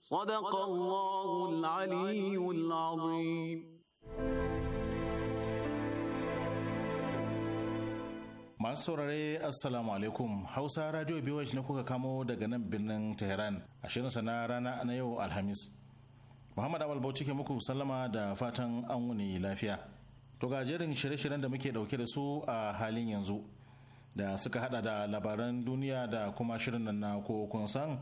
صدق الله العلي العظيم masu saurare assalamu alaikum hausa radio biwash na kuka kamo daga nan birnin tehran a shirin na rana na yau alhamis muhammad awal bauchi ke muku sallama da fatan an wuni lafiya to ga jerin shirye-shiryen da muke dauke da su a halin yanzu da suka hada da labaran duniya da kuma shirin nan na kokon san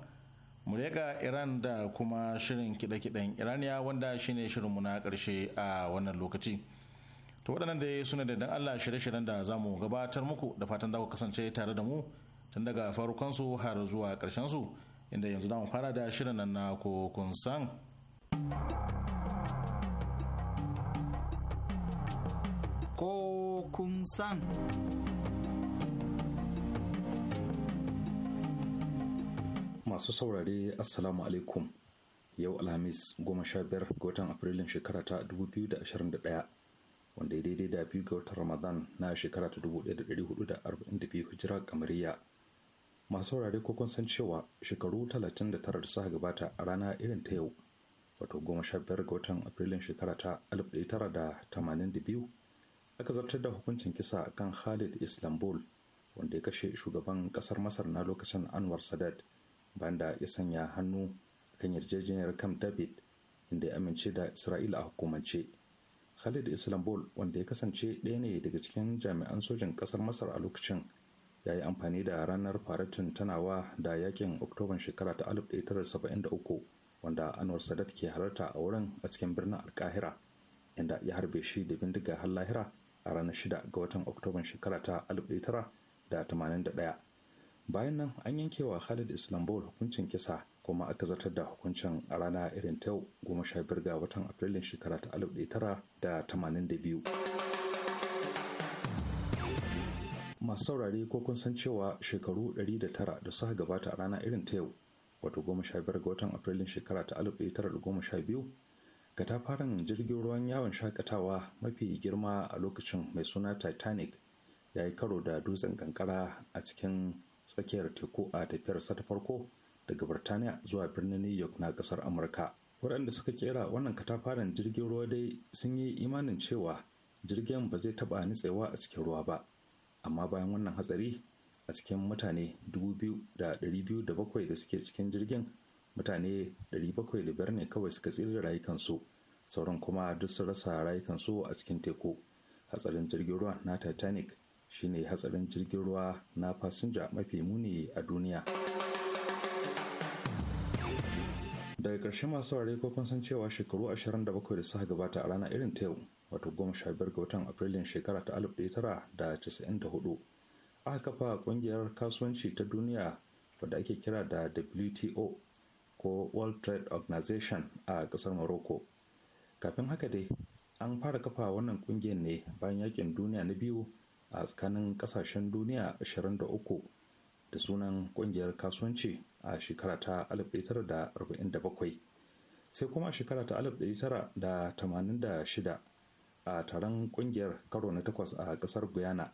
mureka iran da kuma shirin kide-kiden iraniya wanda shine shirinmu na karshe a wannan lokaci to waɗannan da suna da dan allah shirye-shiryen da za mu gabatar muku da fatan da ku kasance tare da mu tun daga farukansu har zuwa su inda yanzu mu fara da shirin nan na kokun san san masu saurare assalamu alaikum yau alhamis goma sha biyar ga watan afrilun shekara ta 2021 wanda ya daidai da biyu ga watan ramadan na shekara ta 1442 hijira kamariya masu saurare ko kun san cewa shekaru 39 da suka gabata a rana irin ta yau wato goma sha biyar ga watan afrilun shekara ta 1982 aka zartar da hukuncin kisa kan khalid islambol wanda ya kashe shugaban kasar masar na lokacin anwar sadat banda ya sanya hannu kan yarjejeniyar kam david inda ya amince da isra'ila a hukumance khalid islambol wanda ya kasance ɗaya ne daga cikin jami'an sojin ƙasar masar a lokacin ya yi amfani da ranar faratin tanawa da yakin oktoban shekara ta 1973 wanda anwar sadat ke halarta a wurin a cikin birnin alkahira inda ya harbe shi da bindiga har lahira a ranar shida ga watan oktoban shekara ta 1981 bayan nan an yanke wa khalid islambol hukuncin kisa kuma aka zartar da hukuncin a rana irin ta goma sha biyar ga watan afrilun shekara ta alif tara da tamanin da biyu masu saurare ko kun san cewa shekaru 109 da suka gabata a rana irin ta yau wato goma sha biyar ga watan afrilun shekara ta alif tara da goma sha biyu katafaren jirgin ruwan yawon shakatawa mafi girma a lokacin mai suna titanic ya yi karo da dutsen kankara a cikin tsakiyar teku a tafiyarsa ta farko daga birtaniya zuwa birnin new york na kasar amurka waɗanda suka kera wannan katafaren jirgin ruwa dai sun yi imanin cewa jirgin ba zai taba nitsewa a cikin ruwa ba amma bayan wannan hatsari a cikin mutane 2,207 da suke cikin jirgin mutane da biyar ne kawai suka tsira rayukansu sauran kuma duk sun rasa rayukansu a cikin teku hatsarin jirgin ruwa na titanic shine hatsarin jirgin ruwa na fasinja mafi muni a duniya daga ƙarshe masu ware ko kun san cewa shekaru 27 da suka gabata a rana irin ta yau wato biyar ga watan afrilun shekara ta da da hudu aka kafa ƙungiyar kasuwanci ta duniya wadda ake kira da WTO ko World Trade Organization a ƙasar Morocco. Kafin haka dai, an fara kafa wannan ƙungiyar ne bayan yakin duniya na biyu a tsakanin kasashen duniya 23 da sunan kungiyar kasuwanci a shekara ta 1947 sai kuma shekara ta 1986 a taron kungiyar karo na takwas a kasar guyana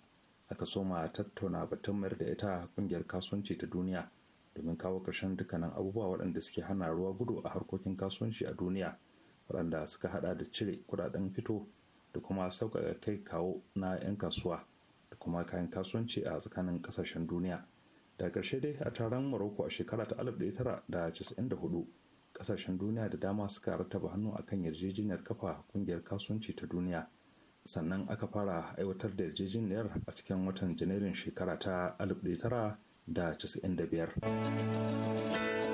aka soma tattauna batun mayar da ita kungiyar kasuwanci ta duniya domin kawo ƙarshen dukkanin abubuwa waɗanda suke hana ruwa gudu a harkokin kasuwanci a duniya waɗanda suka hada da cire kudaden fito da kuma sauƙaƙa kai kawo na 'yan kasuwa kuma kayan kasuwanci a tsakanin kasashen duniya da ƙarshe dai a taron morocco a shekara ta 1994 kasashen duniya da dama suka rattaba hannu akan yarjejeniyar kafa kungiyar kasuwanci ta duniya sannan aka fara aiwatar da yarjejeniyar a cikin watan janairun shekara ta 1995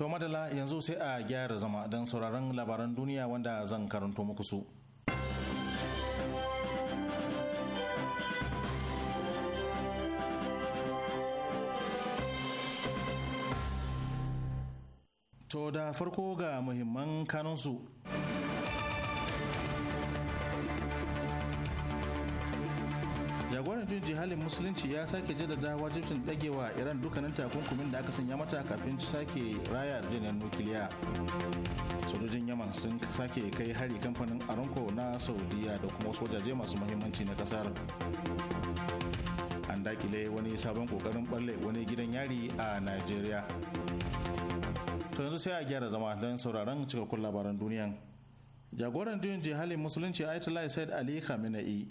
To madala yanzu sai a gyara zama don sauraron labaran duniya wanda zan karanto muku su. To da farko ga muhimman kanunsu. halin musulunci ya sake jaddada wajibcin dagewa iran dukkanin takunkumin da aka sanya mata kafin sake raya jiniyar nukiliya sojojin yaman sun sake kai hari kamfanin aramco na saudiya da kuma wasu wajaje masu muhimmanci na kasar an dakile wani sabon kokarin balle wani gidan yari a nigeria to yanzu sai a gyara zama don sauraron cikakkun labaran duniyan jagoran juyin jihalin musulunci ayatollah said ali khamenei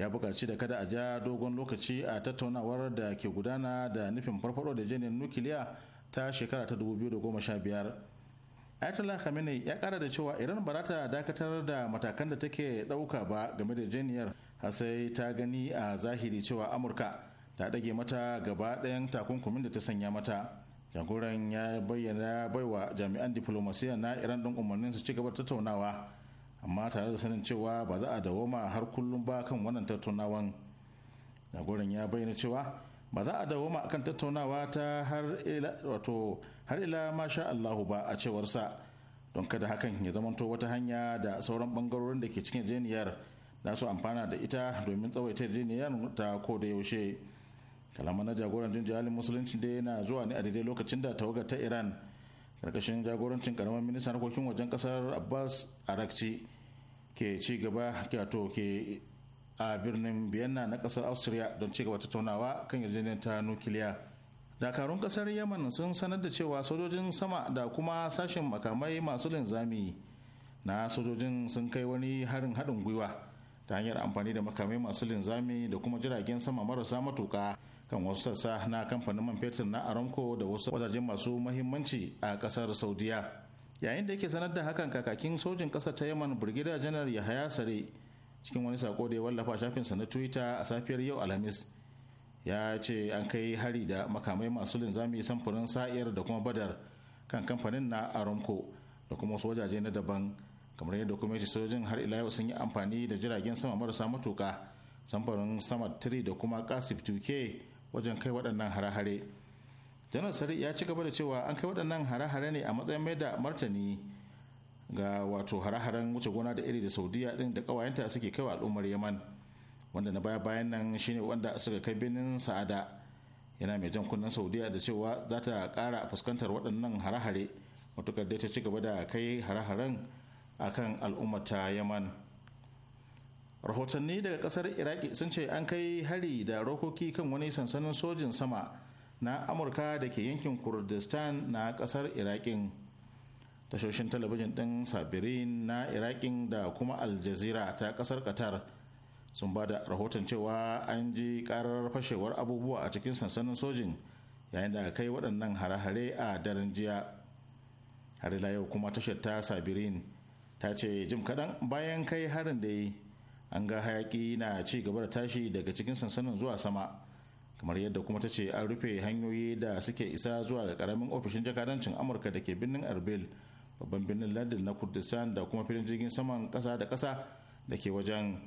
ya buƙaci da kada a ja dogon lokaci a tattaunawar da ke gudana da nufin farfado da janin nukiliya ta shekara ta 2015 ayatollah khamenei ya kara da cewa iran ba ta dakatar da matakan da take ɗauka ba game da janiyar sai ta gani a zahiri cewa amurka ta ɗage mata gaba ɗayan takunkumin da ta sanya mata jagoran ya bayyana baiwa jami'an diflomasiyya na iran ɗin umarnin su ci gaba tattaunawa amma tare da sanin cewa ba za a dawoma har kullum ba kan wannan tattaunawan jagoran ya bayyana cewa ba za a dawoma kan tattaunawa ta har ila wato har masha Allahu ba a cewar sa don kada hakan ya zamanto wata hanya da sauran bangarorin da ke cikin yarjejeniyar za su amfana da ita domin tsawaita yarjejeniyar ta ko da yaushe kalaman na jagoran jin jihalin musulunci da yana zuwa ne a daidai lokacin da tawagar ta iran karkashin jagorancin karamar ministan harkokin wajen kasar abbas arakci ke ci gaba ke a birnin vienna na kasar austria don ci gaba tattaunawa kan yarjejeniyar ta nukiliya dakarun kasar yaman sun sanar da cewa sojojin sama da kuma sashen makamai masu linzami na sojojin sun kai wani harin haɗin gwiwa ta hanyar amfani da makamai masu linzami da kuma jiragen sama marasa matuka kan wasu sassa na kamfanin man fetur na aramco da wasu wajajen masu mahimmanci a kasar saudiya yayin da yake sanar da hakan kakakin sojin kasa ta yaman brigadier janar yahaya sare cikin wani sako da ya wallafa shafin sa na twitter a safiyar yau alhamis ya ce an kai hari da makamai masu linzami samfurin sa'ir da kuma badar kan kamfanin na aramco da kuma wasu wajaje na daban kamar yadda kuma yace sojojin har ila yau sun yi amfani da jiragen sama marasa matuka samfurin sama 3 da kuma kasif 2k wajen kai waɗannan hare-hare janar sari ya ci gaba da cewa an kai waɗannan hare-hare ne a matsayin mai da martani ga wato hare-haren wuce gona da iri da saudiya din da kawayenta suke kai wa al'ummar yaman wanda na baya bayan nan shine wanda suka kai birnin sa'ada yana mai jan kunnen saudiya da cewa za ta kara fuskantar waɗannan hare-hare matukar dai ta ci gaba da kai hare-haren akan al'ummar ta yaman rahotanni daga kasar iraki sun ce an kai hari da rokoki kan wani sansanin sojin sama na amurka da ke yankin kurdistan na kasar iraƙin tashoshin talabijin ɗin sabirin na iraƙin da kuma aljazira ta ƙasar qatar sun ba da rahoton cewa an ji karar fashewar abubuwa a cikin sansanin sojin yayin da kai waɗannan hare-hare a daren jiya har ila yau kuma tashar ta sabirin ta ce jim kaɗan bayan kai harin da yi an ga hayaƙi na ci gaba da tashi daga cikin sansanin zuwa sama kamar yadda kuma ta ce an rufe hanyoyi da suke isa zuwa ga karamin ofishin jakadancin amurka da ke birnin arbil babban birnin london na kurdistan da kuma filin jirgin saman kasa da kasa da ke wajen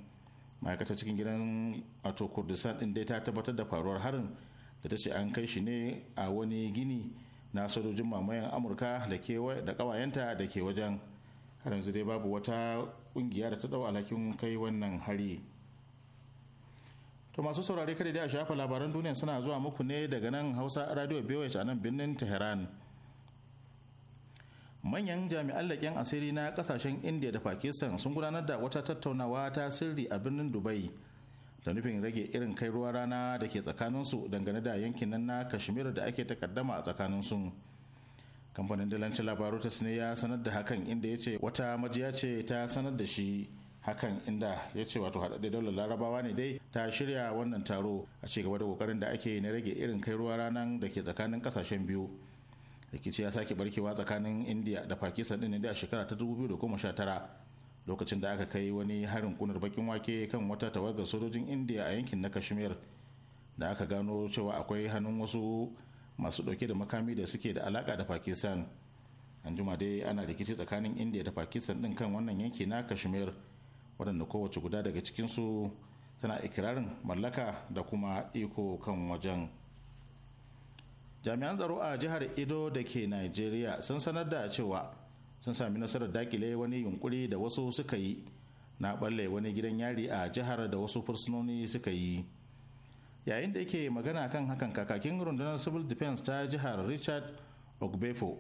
ma'aikatar cikin gidan wato kurdistan din dai ta tabbatar da faruwar harin da ta ce an kai shi ne a wani gini na sojojin mamayan amurka da kawayenta da ke wajen har yanzu dai babu wata kungiya da ta dau alhakin kai wannan hari. To masu saurare kada da a shafa labaran duniya suna zuwa muku ne daga nan Hausa Radio BOH a nan birnin Tehran. Manyan jami'an leƙen asiri na ƙasashen India da Pakistan sun gudanar da wata tattaunawa ta sirri a birnin Dubai da nufin rage irin kai ruwa rana da ke tsakaninsu dangane da yankin nan na Kashmir da ake takaddama a su Kamfanin dalancin labaru ta ya sanar da hakan inda ya ce wata majiya ce ta sanar da shi hakan inda ya ce wato haɗaɗɗe daular larabawa ne dai ta shirya wannan taro a ci gaba da kokarin da ake yi na rage irin kai ruwa ranar da ke tsakanin kasashen biyu rikici ya sake barkewa tsakanin india da pakistan din da a shekara ta 2019 lokacin da aka kai wani harin kunar bakin wake kan wata tawagar sojojin india a yankin na kashmir da aka gano cewa akwai hannun wasu masu dauke da makami da suke da alaka da pakistan an juma dai ana rikici tsakanin india da pakistan ɗin kan wannan yanki na kashmir waɗanda kowace guda daga cikinsu tana ikirarin mallaka da kuma iko kan wajen jami'an tsaro a jihar ido da ke nigeria sun sanar da cewa sun sami nasarar dakile wani yunkuri da wasu suka yi na balle wani gidan yari a jihar da wasu fursunoni suka yi yayin da yake magana kan hakan kakakin rundunar civil defense ta jihar richard ogbefo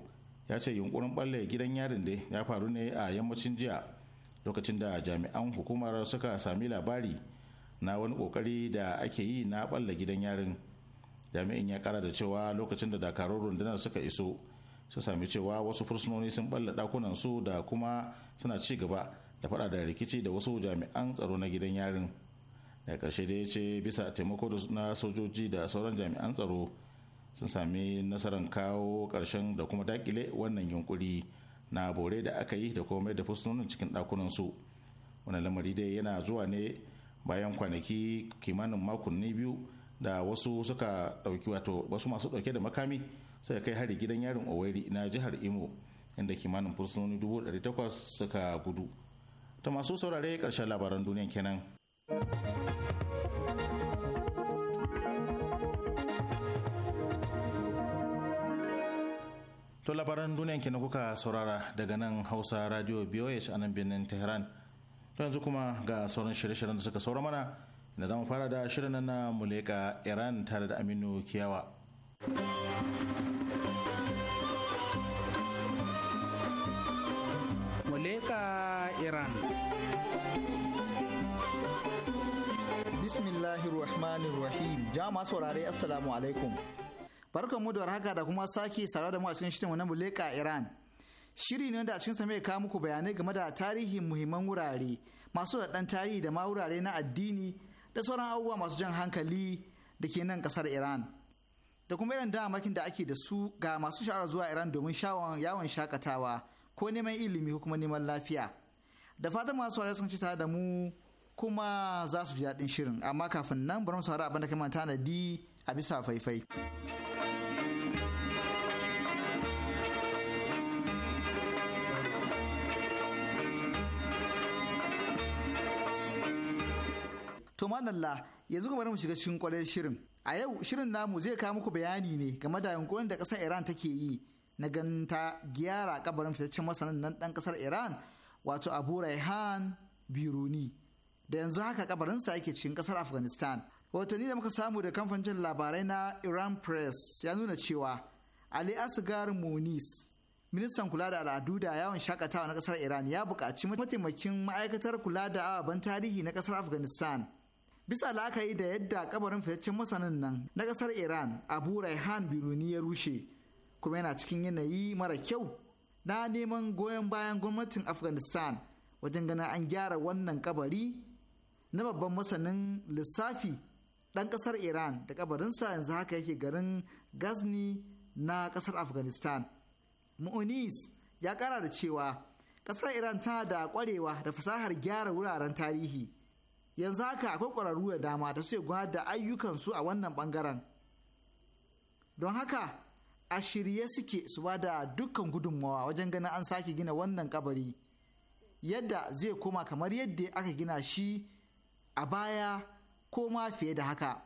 ya ce yunkurin balle gidan yarin da ya faru ne a yammacin jiya lokacin da jami'an hukumar suka sami labari na wani kokari da ake yi na balla gidan yarin jami'in ya kara da cewa lokacin da dakarun rundunar suka iso su sami cewa wasu fursunoni sun balla dakunan su da kuma suna ci gaba da fada da rikici da wasu jami'an tsaro na gidan yarin da karshe da ya ce bisa taimako na sojoji da sauran jami'an tsaro sun sami nasarar kawo karshen da kuma dakile wannan yunkuri na bore da aka yi da komai da fursunonin cikin ɗakunan su wani lamari dai yana zuwa ne bayan kwanaki kimanin makonni biyu da wasu suka ɗauki wato wasu masu ɗauke da makami suka kai hari gidan yarin owerri na jihar imo inda kimanin fursunoni dubu ɗari takwas suka gudu ta masu saurare karshen labaran duniyar kenan. To labaran duniyan na kuka saurara daga nan Hausa Radio BOH a nan birnin Tehran. To yanzu kuma ga sauran shirye-shiryen da suka saura mana da mu fara da shirin na Muleka Iran tare da Aminu Kiyawa. Muleka Iran. Bismillahirrahmanirrahim. Jama'a saurare Assalamu alaikum. barkan mu da warhaka da kuma sake saurara da mu a cikin shirin wannan buleka Iran shiri ne wanda a cikin sa mai muku bayanai game da tarihin muhimman wurare masu da dan tarihi da ma wurare na addini da sauran abubuwa masu jan hankali da ke nan kasar Iran da kuma irin damakin da ake da su ga masu sha'awar zuwa Iran domin shawon yawon shakatawa ko neman ilimi ko kuma neman lafiya da fatan masu wurare sun ci tare da mu kuma za su ji daɗin shirin amma kafin nan bari mu saurari abin da kai manta da di a bisa faifai. To madalla yanzu kuma bari mu shiga cikin kwarar shirin. A yau shirin namu zai kawo muku bayani ne game da yankunan da ƙasar Iran take yi na ganin gyara kabarin fitaccen masanin nan ɗan ƙasar Iran wato Abu Raihan Biruni. Da yanzu haka kabarinsa yake cikin ƙasar Afghanistan. Watanni da muka samu da kamfanin labarai na Iran Press ya nuna cewa Ali Asgar Munis ministan kula da al'adu da yawon shakatawa na kasar iran ya buƙaci mataimakin ma'aikatar kula da ababen tarihi na kasar afghanistan bisa la'akari da yadda kabarin fitaccen masanin nan na kasar iran abu raihan biruni ya rushe kuma yana cikin yanayi mara kyau na neman goyon bayan gwamnatin afghanistan wajen ganin an gyara wannan kabari na babban masanin lissafi ɗan ƙasar iran da kabarinsa yanzu haka yake garin gazni na ƙasar afghanistan mu'unis ya kara da cewa ƙasar iran tana da ƙwarewa da fasahar gyara wuraren tarihi yanzu haka akwai ƙwararru da dama da suke ya da ayyukansu a wannan bangaren don haka a shirye suke su ba da dukkan gudunmawa wajen ganin an sake gina wannan kabari yadda zai koma kamar yadda aka gina shi a baya ko ma fiye da haka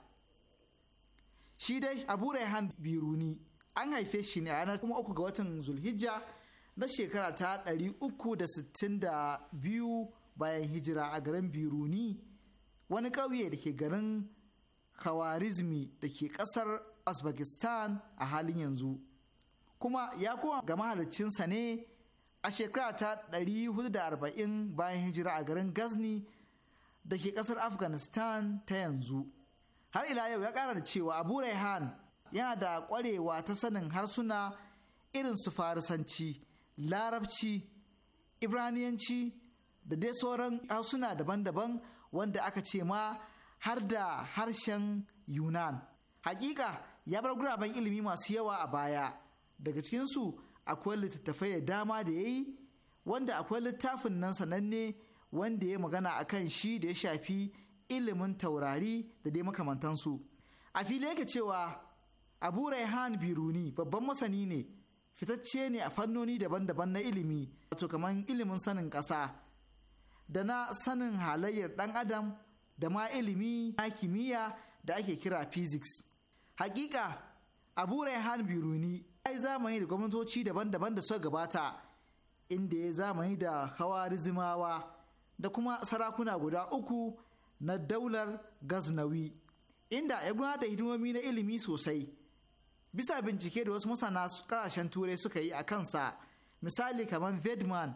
shi dai abu raihan biruni an haife shi ne a ranar kuma uku ga watan zulhijja na shekara ta 362 bayan hijira a garin biruni wani ƙauye da ke garin khawarizmi da ke ƙasar uzbekistan a halin yanzu kuma ya koma ga mahalicinsa ne a shekara ta 440 bayan hijira a garin gazni da ke ƙasar afghanistan ta yanzu har ila yau ya ƙara da cewa abu raihan yana da ƙwarewa ta sanin harsuna irin su farisanci larabci ibraniyanci da dai sauran harsuna daban-daban wanda aka ce ma har da harshen yunan hakika ya bar guraben ilimi masu yawa a baya daga cikinsu akwai littattafai da dama da ya yi wanda akwai littafin nan sananne wanda ya magana a kan shi da ya shafi ilimin taurari da dai makamantansu a fili yake cewa abu raihan biruni babban masani ne fitacce ne a fannoni daban-daban na ilimi wato kamar ilimin sanin ƙasa da na sanin halayyar ɗan adam da ma ilimi na kimiyya da ake kira physics hakika abu Han biruni ya yi zamani da gwamnatoci daban-daban da suka gabata inda ya zamani da hawarizmawa da kuma sarakuna guda uku na daular gaznawi inda ya guna da hidimomi na ilimi sosai bisa bincike da wasu masana kasashen turai suka yi a kansa misali kamar vedman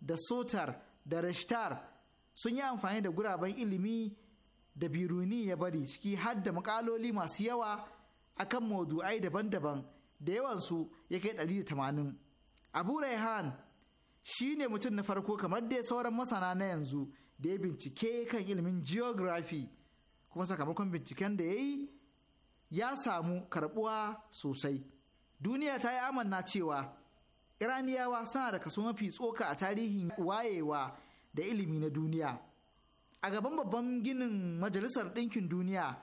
da sotar da rashtar sun yi amfani da guraben ilimi da biruni ya bari ciki har da makaloli masu yawa akan maudu'ai daban-daban da yawansu ya kai 180 abu raihan shi ne mutum na farko kamar dai sauran masana na yanzu da ya bincike kan ilimin geography kuma sakamakon binciken da ya yi ya samu karbuwa sosai duniya ta yi amanna cewa iraniyawa suna da kaso mafi tsoka a tarihin wayewa da ilimi na duniya a gaban babban ginin majalisar ɗinkin duniya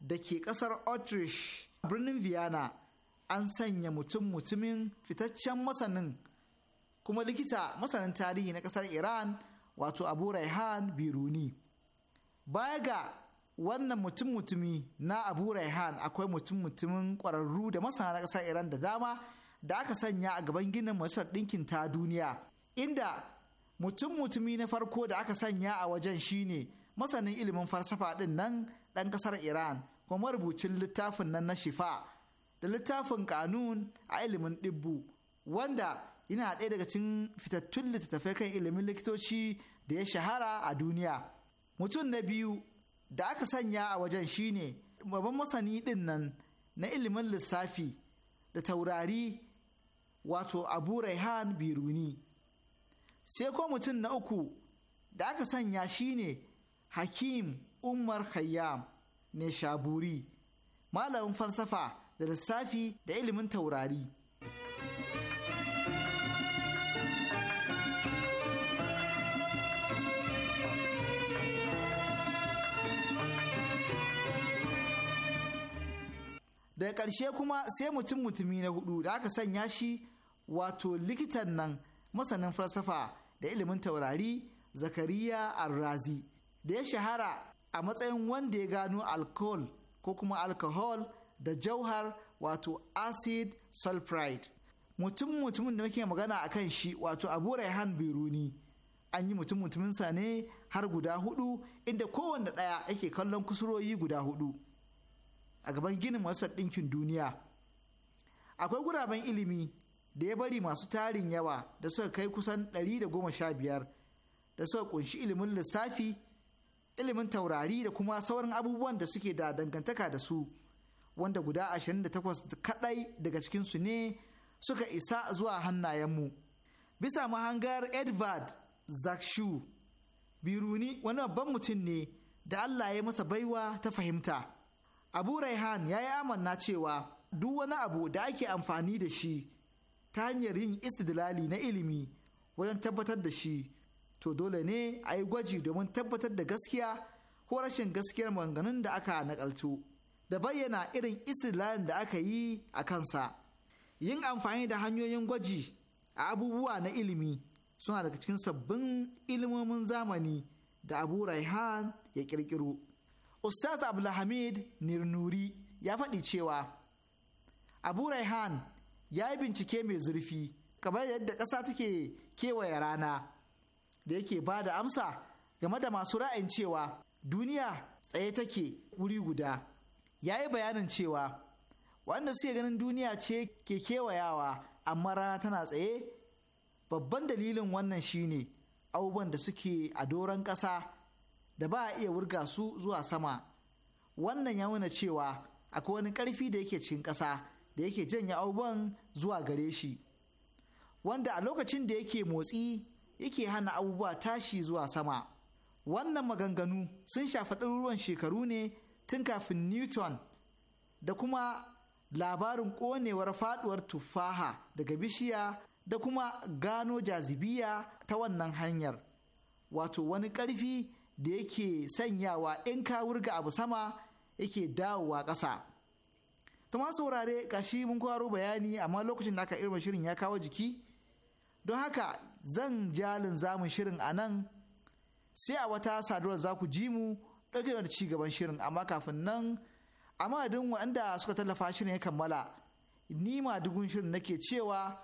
da ke ƙasar autrish birnin vienna an sanya mutum mutumin fitaccen masanin kuma likita masanin tarihi na ƙasar iran wato abu raihan biruni baya ga wannan mutum mutumi na abu raihan akwai mutum mutumin ƙwararru da masana na ƙasar iran da dama da aka sanya a gaban ginin majalisar ɗinkin ta duniya inda mutum mutumi na farko da aka sanya a wajen shine masanin ilimin farsafa ɗin nan ɗan ƙasar iran kuma marubucin littafin nan na shifa da littafin kanun a ilimin ɗibbu wanda yana ɗaya daga cikin fitattun littattafai kan ilimin likitoci da ya shahara a duniya mutum na biyu da aka sanya a wajen shine babban masani ɗin nan na ilimin lissafi da taurari wato abu raihan biruni sai ko mutum na uku da aka sanya shine hakim umar khayyam ne shaburi malamin falsafa da lissafi da ilimin taurari daga ƙarshe kuma sai mutum mutumi na hudu da aka sanya shi wato likitan nan masanin falsafa da ilimin taurari zakariya arrazi da ya shahara a matsayin wanda ya gano alcohol ko kuma alcohol da jauhar wato acid sulfuride mutum mutumin da muke magana a kan shi wato abu raihan biruni an yi mutum mutuminsa ne har guda hudu inda kowanne ɗaya yake kallon kusuroyi guda hudu a gaban ginin masar ɗinkin duniya akwai guraben ilimi da ya bari masu tarin yawa da suka kai kusan 115 da suka kunshi ilimin lissafi ilimin taurari da kuma sauran abubuwan da suke da dangantaka da su wanda guda 28 kadai daga cikinsu ne suka isa zuwa hannayenmu bisa mahangar edvard zakshu biruni wani babban mutum ne da allah ya masa baiwa ta fahimta abu raihan ya yi amanna cewa duk wani abu da ake amfani da shi ta hanyar yin istidlali na ilimi wajen tabbatar da shi to dole ne a yi gwaji domin tabbatar da gaskiya ko rashin gaskiyar maganganun da aka nakaltu da bayyana irin istidlalin da aka yi a kansa yin amfani da hanyoyin gwaji a abubuwa na ilimi suna daga cikin sabbin ilimomin zamani da abu raihan ya kirkiro. ustaz abdulhamid nirnuri ya faɗi cewa abu raihan ya yi bincike mai zurfi kamar yadda ƙasa take kewaye rana da yake ba da amsa game da masu ra'ayin cewa duniya tsaye take wuri guda ya yi bayanin cewa wanda suke ganin duniya ce ke kewayawa amma rana tana tsaye babban dalilin wannan shine abubuwan da suke a doron ƙasa da ba a iya wurga su zuwa sama wannan ya nuna cewa akwai wani ƙarfi da yake cikin ƙasa da yake janya abubuwan zuwa gare shi wanda a lokacin da yake motsi yake hana abubuwa tashi zuwa sama wannan maganganu sun shafi ɗaruruwan shekaru ne tun kafin newton da kuma labarin ƙonewar faɗuwar tufaha daga bishiya da kuma gano jazibiya ta wannan hanyar wato wani ƙarfi da yake sanyawa in ka wurga abu sama yake dawowa ƙasa Tuma saurare kashi mun kwaro bayani amma lokacin da aka irma shirin ya kawo jiki don haka zan jalin zamun shirin a nan sai a wata saduwar za ku ji mu ɗauke da ci gaban shirin amma kafin nan a madadin waɗanda suka tallafa shirin ya kammala ni ma dugun shirin nake cewa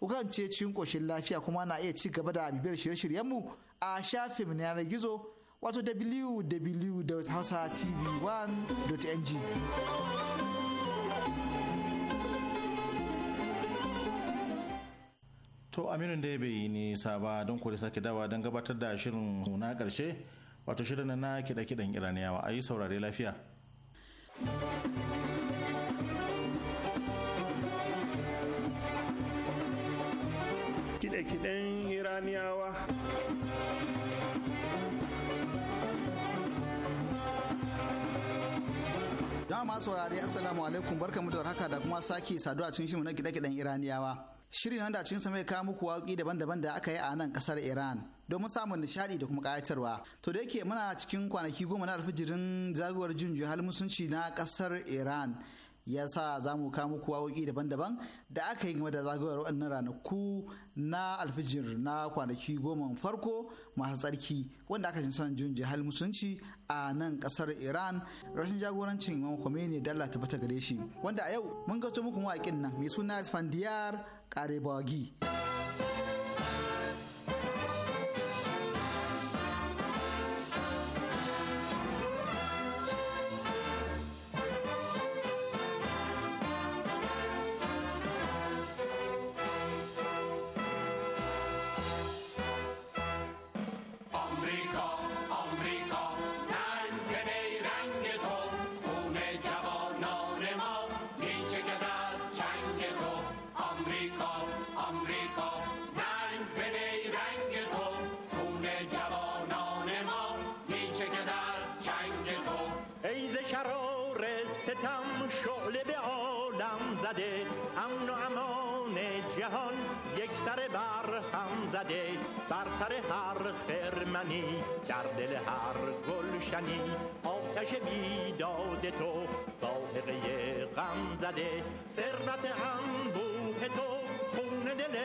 kukan ce cikin ƙoshin lafiya kuma na iya ci gaba da bibiyar shirye-shiryenmu a shafin yanar gizo wato www.hausatv1.ng to aminu da bai yi nisa ba don kuri sake dawa don gabatar da shirin na karshe wato shirin na kiɗa-kiɗan iraniyawa a yi saurare lafiya kiɗe-kiɗen iraniyawa jama'a masu saurare assalamu alaikum barkamu da warhaka da kuma sake saduwa cikin shirin na gida-gidan iraniyawa shirin wanda cikin sa mai kawo muku waƙi daban-daban da aka yi a nan kasar Iran domin samun nishaɗi da kuma ƙayatarwa. To da yake muna cikin kwanaki goma na alfijirin zagawar jin juhal musunci na kasar Iran ya sa za mu kawo muku waƙoƙi daban-daban da aka yi game da zagayowar wannan ranaku na alfijir na kwanaki goma farko masu tsarki wanda aka jin son jun jihar musulunci a nan ƙasar iran rashin jagorancin imam khomeini dalla ta bata gare shi wanda a yau mun gato muku mawaƙin nan mai suna isfandiyar karebagi. هر خرمنی در دل هر گلشنی آتش بیداد تو ساحقه غم زده ثروت هم تو خون دل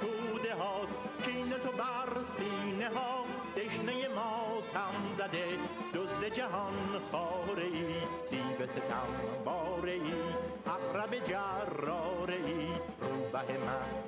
توده هاست کین تو بر سینه ها دشنه ماتم زده دزد جهان خاره ای دیو ستم باره ای اقرب جراره ای روبه من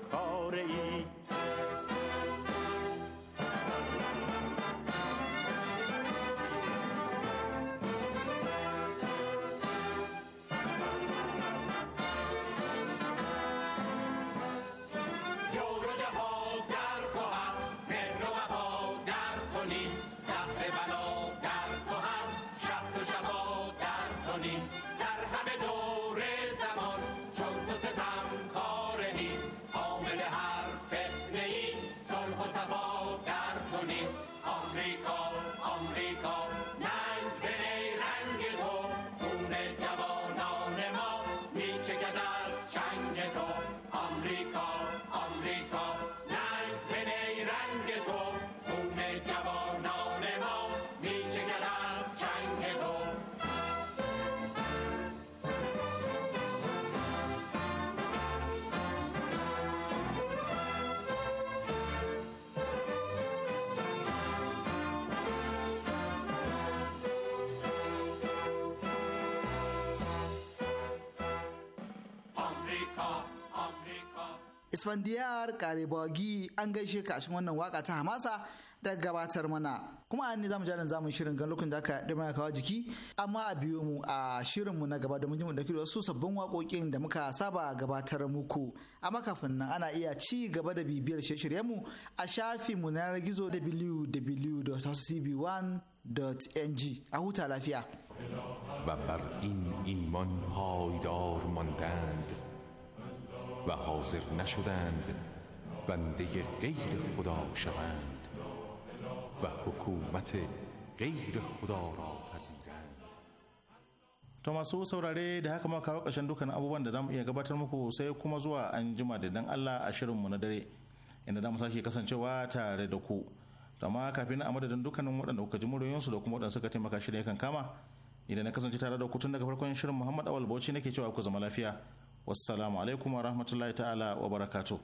isfandiyar karebagi an gaishe ka a cikin wannan waka ta hamasa da gabatar mana kuma an ne zamu jarin zamu shirin gan lokacin da aka dima kawo jiki amma a biyo mu a shirin mu na gaba domin jin da wasu sabbin waƙoƙin da muka saba gabatar muku amma kafin nan ana iya ci gaba da bibiyar shirye mu a shafin mu na gizo www.cb1.ng a huta lafiya. babbar in iman ایمان پایدار و حاضر نشدند بنده غیر خدا شوند و حکومت غیر خدا را پذیرند to masu saurare da haka maka kawo ƙarshen dukkan abubuwan da zamu iya gabatar muku sai kuma zuwa an jima da dan Allah a shirin mu na dare inda zamu sake kasancewa tare da ku amma kafin a madadin dukkanin waɗanda kuka ji muryoyinsu da kuma waɗanda suka taimaka shirya kan kama idan na kasance tare da ku tun daga farkon shirin Muhammad Awal Bauchi nake cewa ku zama lafiya wassalamu alaikum wa rahmatullahi ta'ala wa barakatuh